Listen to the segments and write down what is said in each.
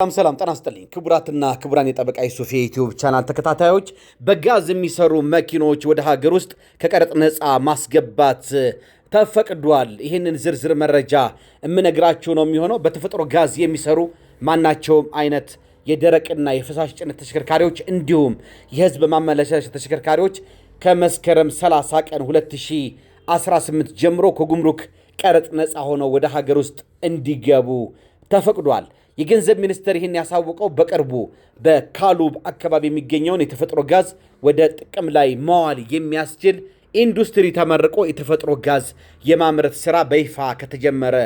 ሰላም ሰላም ጤና ይስጥልኝ ክቡራትና ክቡራን የጠበቃ ዩሱፍ የዩቲዩብ ቻናል ተከታታዮች በጋዝ የሚሰሩ መኪኖች ወደ ሀገር ውስጥ ከቀረጥ ነፃ ማስገባት ተፈቅዷል። ይህንን ዝርዝር መረጃ የምነግራችሁ ነው የሚሆነው። በተፈጥሮ ጋዝ የሚሰሩ ማናቸውም አይነት የደረቅና የፈሳሽ ጭነት ተሽከርካሪዎች እንዲሁም የህዝብ ማመላለሻ ተሽከርካሪዎች ከመስከረም 30 ቀን 2018 ጀምሮ ከጉምሩክ ቀረጥ ነፃ ሆነው ወደ ሀገር ውስጥ እንዲገቡ ተፈቅዷል። የገንዘብ ሚኒስቴር ይህን ያሳወቀው በቅርቡ በካሉብ አካባቢ የሚገኘውን የተፈጥሮ ጋዝ ወደ ጥቅም ላይ መዋል የሚያስችል ኢንዱስትሪ ተመርቆ የተፈጥሮ ጋዝ የማምረት ስራ በይፋ ከተጀመረ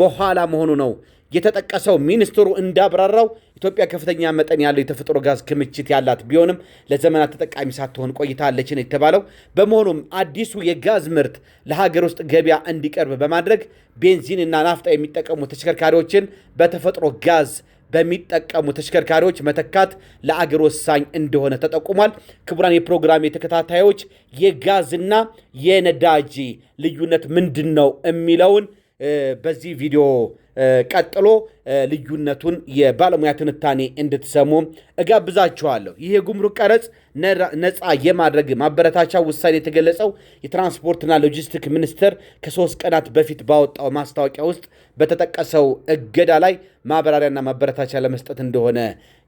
በኋላ መሆኑ ነው የተጠቀሰው። ሚኒስትሩ እንዳብራራው ኢትዮጵያ ከፍተኛ መጠን ያለው የተፈጥሮ ጋዝ ክምችት ያላት ቢሆንም ለዘመናት ተጠቃሚ ሳትሆን ቆይታለች ነው የተባለው። በመሆኑም አዲሱ የጋዝ ምርት ለሀገር ውስጥ ገበያ እንዲቀርብ በማድረግ ቤንዚን እና ናፍጣ የሚጠቀሙ ተሽከርካሪዎችን በተፈጥሮ ጋዝ በሚጠቀሙ ተሽከርካሪዎች መተካት ለአገር ወሳኝ እንደሆነ ተጠቁሟል። ክቡራን የፕሮግራም የተከታታዮች የጋዝና የነዳጅ ልዩነት ምንድን ነው የሚለውን በዚህ ቪዲዮ ቀጥሎ ልዩነቱን የባለሙያ ትንታኔ እንድትሰሙ እጋብዛችኋለሁ። ይህ የጉምሩክ ቀረጽ ነፃ የማድረግ ማበረታቻ ውሳኔ የተገለጸው የትራንስፖርትና ሎጂስቲክ ሚኒስቴር ከሶስት ቀናት በፊት ባወጣው ማስታወቂያ ውስጥ በተጠቀሰው እገዳ ላይ ማብራሪያና ማበረታቻ ለመስጠት እንደሆነ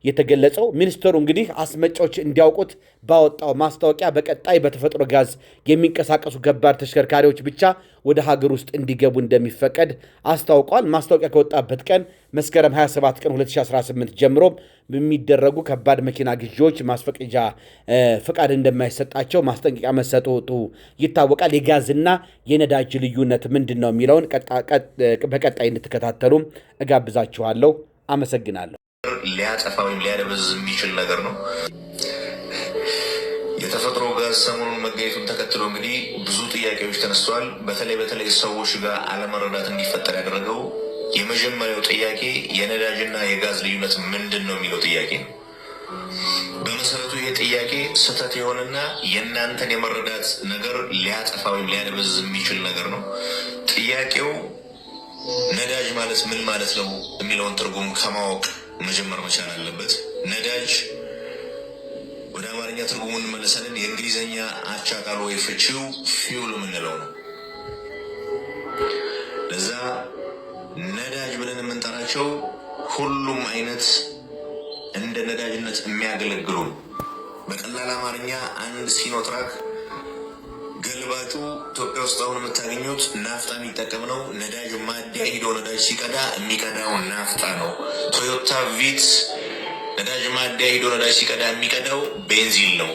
የተገለጸው። ሚኒስትሩ እንግዲህ አስመጫዎች እንዲያውቁት ባወጣው ማስታወቂያ በቀጣይ በተፈጥሮ ጋዝ የሚንቀሳቀሱ ከባድ ተሽከርካሪዎች ብቻ ወደ ሀገር ውስጥ እንዲገቡ እንደሚፈቀድ አስታውቋል። ማስታወቂያ ከወጣበት ቀን መስከረም 27 ቀን 2018 ጀምሮ በሚደረጉ ከባድ መኪና ግዢዎች ማስፈቀጃ ፍቃድ እንደማይሰጣቸው ማስጠንቀቂያ መሰጡ ይታወቃል። የጋዝና የነዳጅ ልዩነት ምንድን ነው የሚለውን በቀጣይ እንድትከታተሉ እጋብዛችኋለሁ። አመሰግናለሁ። ወይም ሊያደበዝ የሚችል ነገር ነው። የተፈጥሮ ጋዝ ሰሞኑን መገኘቱን ተከትሎ እንግዲህ ብዙ ጥያቄዎች ተነስተዋል። በተለይ በተለይ ሰዎች ጋር አለመረዳት እንዲፈጠር ያደረገው የመጀመሪያው ጥያቄ የነዳጅና የጋዝ ልዩነት ምንድን ነው የሚለው ጥያቄ ነው። በመሰረቱ ይህ ጥያቄ ስህተት የሆነና የእናንተን የመረዳት ነገር ሊያጠፋ ወይም ሊያደበዝዝ የሚችል ነገር ነው። ጥያቄው ነዳጅ ማለት ምን ማለት ነው የሚለውን ትርጉም ከማወቅ መጀመር መቻል አለበት። ነዳጅ ወደ አማርኛ ትርጉሙ እንመለሳለን። የእንግሊዝኛ አቻ ቃል ወይ ፍቺው ፊውል የምንለው ነው። ለዛ ነዳጅ ብለን የምንጠራቸው ሁሉም አይነት እንደ ነዳጅነት የሚያገለግሉ በቀላል አማርኛ አንድ ሲኖትራክ ገልባጩ ኢትዮጵያ ውስጥ አሁን የምታገኙት ናፍጣ የሚጠቀም ነው። ነዳጅ ማደያ ሂዶ ነዳጅ ሲቀዳ የሚቀዳው ናፍጣ ነው። ቶዮታ ቪት ነዳጅ ማደያ ሂዶ ነዳጅ ሲቀዳ የሚቀዳው ቤንዚን ነው።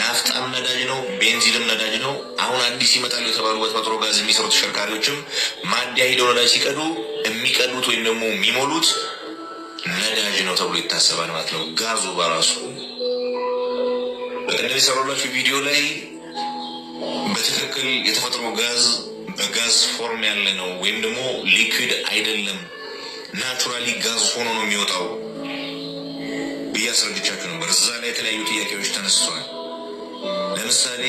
ናፍጣም ነዳጅ ነው፣ ቤንዚንም ነዳጅ ነው። አሁን አዲስ ይመጣሉ የተባሉ በተፈጥሮ ጋዝ የሚሰሩ ተሽከርካሪዎችም ማደያ ሂደው ነዳጅ ሲቀዱ የሚቀዱት ወይም ደግሞ የሚሞሉት ነዳጅ ነው ተብሎ ይታሰባል ማለት ነው። ጋዙ በራሱ በቀደም ቪዲዮ ላይ በትክክል የተፈጥሮ ጋዝ በጋዝ ፎርም ያለ ነው ወይም ደግሞ ሊክዊድ አይደለም፣ ናቹራሊ ጋዝ ሆኖ ነው የሚወጣው ብዬ አስረድቻችሁ ነበር። እዛ ላይ የተለያዩ ጥያቄዎች ተነስተዋል። ለምሳሌ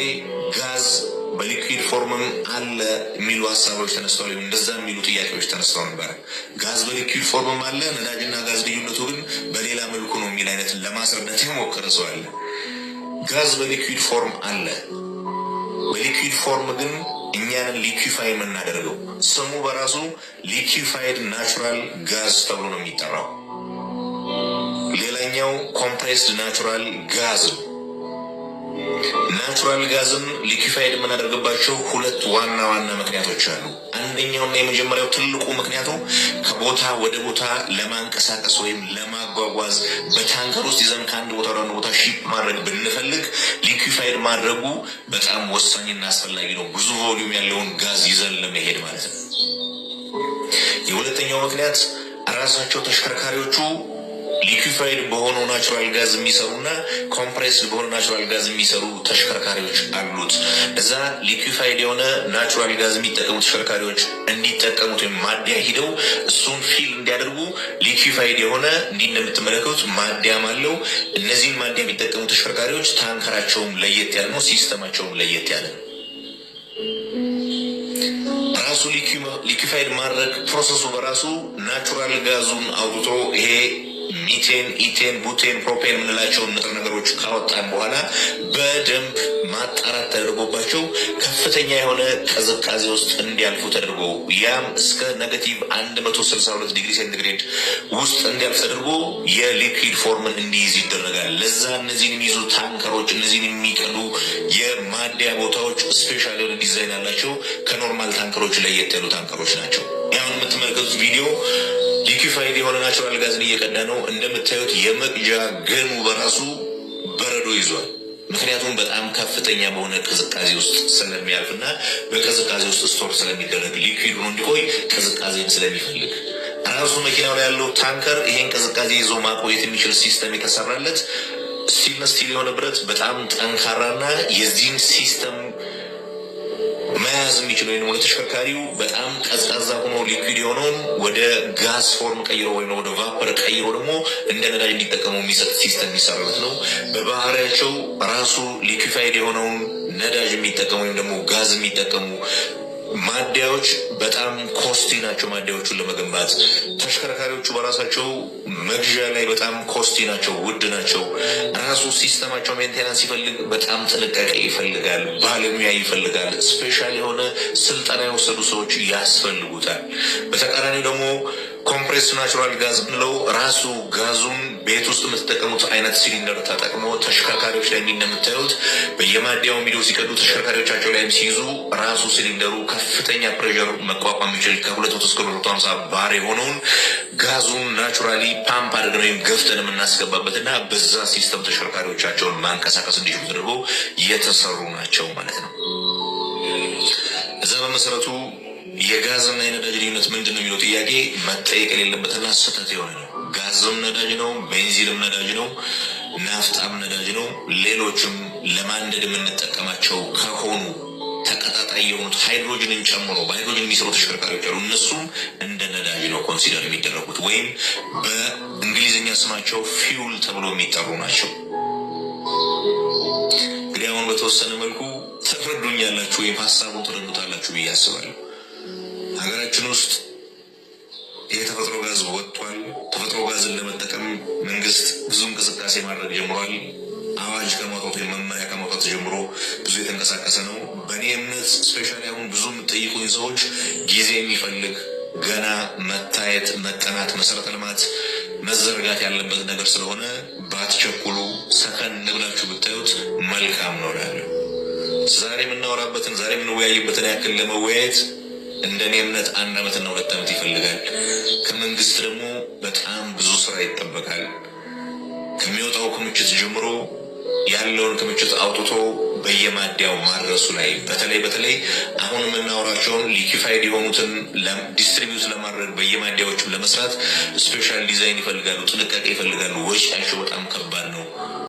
ጋዝ በሊኩዊድ ፎርምም አለ የሚሉ ሀሳቦች ተነስተዋል። ወይም እንደዛ የሚሉ ጥያቄዎች ተነስተው ነበረ። ጋዝ በሊኩዊድ ፎርምም አለ፣ ነዳጅና ጋዝ ልዩነቱ ግን በሌላ መልኩ ነው የሚል አይነት ለማስረዳት የሞከረ ሰው አለ። ጋዝ በሊክዊድ ፎርም አለ በሊኩዊድ ፎርም ግን እኛንን ሊኩፋይ የምናደርገው ስሙ በራሱ ሊኩፋይድ ናቹራል ጋዝ ተብሎ ነው የሚጠራው። ሌላኛው ኮምፕሬስድ ናቹራል ጋዝ ነው። ናቹራል ጋዝን ሊኪፋይድ የምናደርግባቸው ሁለት ዋና ዋና ምክንያቶች አሉ። አንደኛውና የመጀመሪያው ትልቁ ምክንያቱ ከቦታ ወደ ቦታ ለማንቀሳቀስ ወይም ለማጓጓዝ በታንከር ውስጥ ይዘን ከአንድ ቦታ ወደ አንድ ቦታ ሺፕ ማድረግ ብንፈልግ ሊኪፋይድ ማድረጉ በጣም ወሳኝና አስፈላጊ ነው። ብዙ ቮሊዩም ያለውን ጋዝ ይዘን ለመሄድ ማለት ነው። የሁለተኛው ምክንያት ራሳቸው ተሽከርካሪዎቹ ሊኩፋይድ በሆነው ናቹራል ጋዝ የሚሰሩና ኮምፕሬስድ በሆነ ናቹራል ጋዝ የሚሰሩ ተሽከርካሪዎች አሉት። እዛ ሊኩፋይድ የሆነ ናቹራል ጋዝ የሚጠቀሙ ተሽከርካሪዎች እንዲጠቀሙት ወይም ማዲያ ሂደው እሱን ፊል እንዲያደርጉ ሊኩፋይድ የሆነ እንዲህ እንደምትመለከቱት ማዲያም አለው። እነዚህን ማዲያ የሚጠቀሙ ተሽከርካሪዎች ታንከራቸውም ለየት ያለ ነው፣ ሲስተማቸውም ለየት ያለ ነው። ራሱ ሊኩፋይድ ማድረግ ፕሮሰሱ በራሱ ናቹራል ጋዙን አውጥቶ ይሄ ሚቴን፣ ኢቴን፣ ቡቴን፣ ፕሮፔን የምንላቸውን ንጥረ ነገሮች ካወጣን በኋላ በደንብ ማጣራት ተደርጎባቸው ከፍተኛ የሆነ ቅዝቃዜ ውስጥ እንዲያልፉ ተደርጎ ያም እስከ ኔጋቲቭ 162 ዲግሪ ሴንቲግሬድ ውስጥ እንዲያልፍ ተደርጎ የሊኩዊድ ፎርምን እንዲይዝ ይደረጋል። ለዛ እነዚህን የሚይዙ ታንከሮች፣ እነዚህን የሚቀዱ የማደያ ቦታዎች ስፔሻል የሆነ ዲዛይን አላቸው። ከኖርማል ታንከሮች ለየት ያሉ ታንከሮች ናቸው። ያሁን የምትመለከቱት ቪዲዮ ሊኩፋይድ የሆነ ናቹራል ጋዝን እየቀዳ ነው። እንደምታዩት የመቅጃ ገኑ በራሱ በረዶ ይዟል። ምክንያቱም በጣም ከፍተኛ በሆነ ቅዝቃዜ ውስጥ ስለሚያልፍ ስለሚያልፍና በቅዝቃዜ ውስጥ ስቶር ስለሚደረግ ሊኩዊድ ሆኖ እንዲቆይ ቅዝቃዜን ስለሚፈልግ ራሱ መኪናው ላይ ያለው ታንከር ይሄን ቅዝቃዜ ይዞ ማቆየት የሚችል ሲስተም የተሰራለት ስቲልነስ ስቲል የሆነ ብረት በጣም ጠንካራና የዚህን ሲስተም መያዝ የሚችል ወይም ወደ ተሽከርካሪው በጣም ቀዝቃዛ ሆኖ ሊኩድ የሆነውን ወደ ጋዝ ፎርም ቀይሮ ወይም ወደ ቫፐር ቀይሮ ደግሞ እንደ ነዳጅ እንዲጠቀሙ የሚሰጥ ሲስተም የሚሰራበት ነው። በባህሪያቸው ራሱ ሊኩፋይድ የሆነውን ነዳጅ የሚጠቀሙ ወይም ደግሞ ጋዝ የሚጠቀሙ ማደያዎች በጣም ኮስቲ ናቸው። ማደያዎቹን ለመገንባት ተሽከርካሪዎቹ በራሳቸው መግዣ ላይ በጣም ኮስቲ ናቸው፣ ውድ ናቸው። ራሱ ሲስተማቸው ሜንቴናንስ ይፈልግ፣ በጣም ጥንቃቄ ይፈልጋል፣ ባለሙያ ይፈልጋል፣ ስፔሻል የሆነ ስልጠና የወሰዱ ሰዎች ያስፈልጉታል። በተቃራኒ ደግሞ ፕሮግሬስ ናቹራል ጋዝ ምንለው ራሱ ጋዙን ቤት ውስጥ የምትጠቀሙት አይነት ሲሊንደር ተጠቅሞ ተሽከርካሪዎች ላይ እንደምታዩት በየማዲያው ሚዲ ሲቀዱ ተሽከርካሪዎቻቸው ላይም ሲይዙ ራሱ ሲሊንደሩ ከፍተኛ ፕሬር መቋቋም የሚችል ከሁለት መቶ እስከ ሁለት መቶ ባር የሆነውን ጋዙን ናቹራሊ ፓምፕ አድርገን ወይም ገፍተን የምናስገባበት እና በዛ ሲስተም ተሽከርካሪዎቻቸውን ማንቀሳቀስ እንዲችሉ ተደርጎ የተሰሩ ናቸው ማለት ነው። እዛ በመሰረቱ የጋዝና የነዳጅ ልዩነት ምንድን ነው የሚለው ጥያቄ መጠየቅ የሌለበትና ስህተት የሆነ ነው። ጋዝም ነዳጅ ነው፣ ቤንዚንም ነዳጅ ነው፣ ናፍጣም ነዳጅ ነው። ሌሎችም ለማንደድ የምንጠቀማቸው ከሆኑ ተቀጣጣይ የሆኑት ሃይድሮጅንን ጨምሮ በሃይድሮጅን የሚሰሩ ተሽከርካሪዎች አሉ። እነሱም እንደ ነዳጅ ነው ኮንሲደር የሚደረጉት ወይም በእንግሊዝኛ ስማቸው ፊውል ተብሎ የሚጠሩ ናቸው። እንግዲህ አሁን በተወሰነ መልኩ ተረዱኛላችሁ ወይም ሀሳቡን ተረዱታላችሁ ብዬ አስባለሁ። ሀገራችን ውስጥ የተፈጥሮ ጋዝ ወጥቷል። ተፈጥሮ ጋዝን ለመጠቀም መንግስት ብዙ እንቅስቃሴ ማድረግ ጀምሯል። አዋጅ ከማውጣቱ መመሪያ ከማውጣቱ ጀምሮ ብዙ የተንቀሳቀሰ ነው። በእኔ እምነት ስፔሻሊ አሁን ብዙ የምጠይቁኝ ሰዎች ጊዜ የሚፈልግ ገና መታየት፣ መጠናት፣ መሰረተ ልማት መዘርጋት ያለበት ነገር ስለሆነ ባትቸኩሉ፣ ሰከን ብላችሁ ብታዩት መልካም ነው ያለ ዛሬ የምናወራበትን ዛሬ የምንወያይበትን ያክል ለመወያየት እንደ እኔ እምነት አንድ ዓመትና ሁለት ዓመት ይፈልጋል። ከመንግስት ደግሞ በጣም ብዙ ስራ ይጠበቃል። ከሚወጣው ክምችት ጀምሮ ያለውን ክምችት አውጥቶ በየማደያው ማድረሱ ላይ በተለይ በተለይ አሁን የምናወራቸውን ሊኪፋይድ የሆኑትን ዲስትሪቢዩት ለማድረግ በየማደያዎችም ለመስራት ስፔሻል ዲዛይን ይፈልጋሉ፣ ጥንቃቄ ይፈልጋሉ። ወጪያቸው በጣም ከባድ ነው።